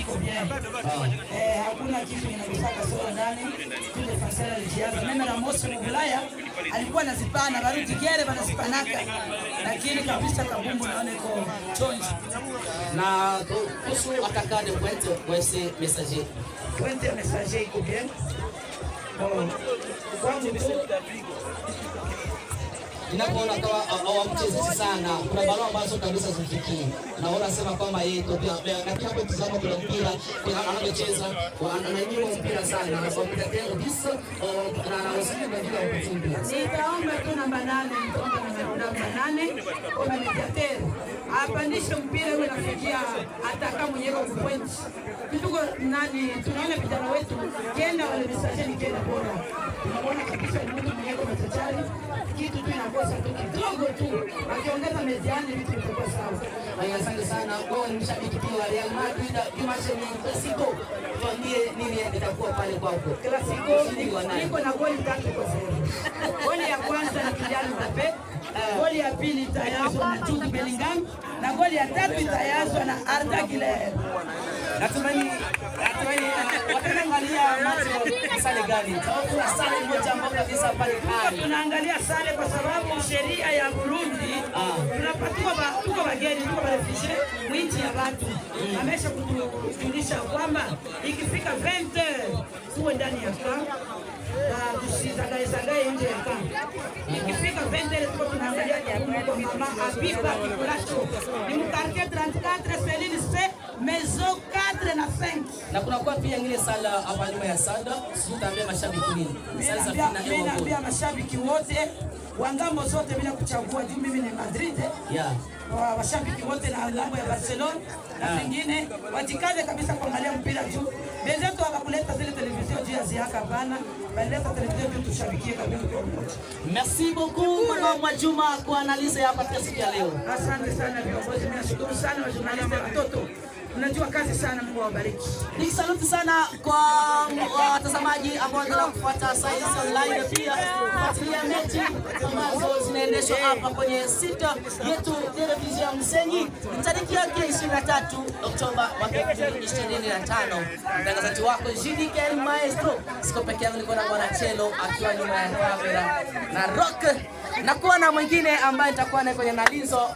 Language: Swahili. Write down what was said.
Iko bien. Eh, hakuna kitu kinachosaka sola ndani. Tule fasara lijiaza. Mimi na Mosi Mugulaya alikuwa anazipana baruti gere banazipanaka. Lakini kabisa kabumbu naona iko chonji. Na kuhusu atakade kwente kwese messager. Kwente messager iko bien. Bon. Oh, kwangu tu ninapoona kawa hawamchezezi sana, kuna barua ambazo kabisa zifikii, naona sema kwamba yeye ndio pia, nakitazama kuna mpira anavyocheza ananyima mpira sana apitakea kabisa na wasili na ya kukimbia. Nitaomba tu namba nane, namba nane Omanijater apandishe mpira ule, nafikia kama mwenyewe kupwenji kituko nani, tunaona vijana wetu kenda wale misasheni kenda bora makosa kidogo tu, akiongeza meziani vitu vitakuwa sawa. Asante sana. Wewe ni mshabiki pia wa Real Madrid, Clasico, tuambie nini itakuwa pale kwako. Clasico niko na goli tatu kwa sasa. Goli ya kwanza ni kijana Mbappe, eh. goli ya pili itayazwa na Jude Bellingham na goli ya tatu itayazwa na Arda Güler. Natumani natumani eh, watakaangalia macho sale gani. Tawafuna sale tunaangalia sale kwa sababu sheria ya Burundi tuko bageni tuko barefishe mwinchi ya watu amesha kutujulisha kwamba ikifika 20 tuwe ndani ya kambi na tusizagae zagae nje ya kambi. Ikifika 20 tuko tunaangalia kwa mama Abiba Kikulacho ni mkartie 34 na kunakuwa pia ngine sala hapa nyuma ya sanda, sitaambia mashabiki nini. Mimi naambia mashabiki wote wa ngambo zote bila kuchagua, juu mimi ni Madrid yeah. Wa mashabiki wote na ngambo ya Barcelona na vingine yeah. Watikane kabisa kuangalia mpira juu wenzetu wakakuleta zile televizio juu ya ziaka, hapana, baleta televizio juu tushabikie Merci beaucoup Mwa Juma kwa analiza hapa siku ya leo. Asante sana viongozi, mimi nashukuru sana wajumani na watoto Unajua kazi sana, Mungu awabariki. Nikisaluti sana kwa uh, watazamaji ambao wanaendelea kufuata Science Online pia kufuatilia mechi ambazo zinaendeshwa hapa kwenye sita yetu televisheni ya Msenyi tariki yake 23 Oktoba mwaka 2025. Mtangazaji wako JDK Maestro, siko peke yangu, niko na Bwana Chelo akiwa nyuma ya kamera na Rock nakuwa na mwingine ambaye nitakuwa naye kwenye Nalizo.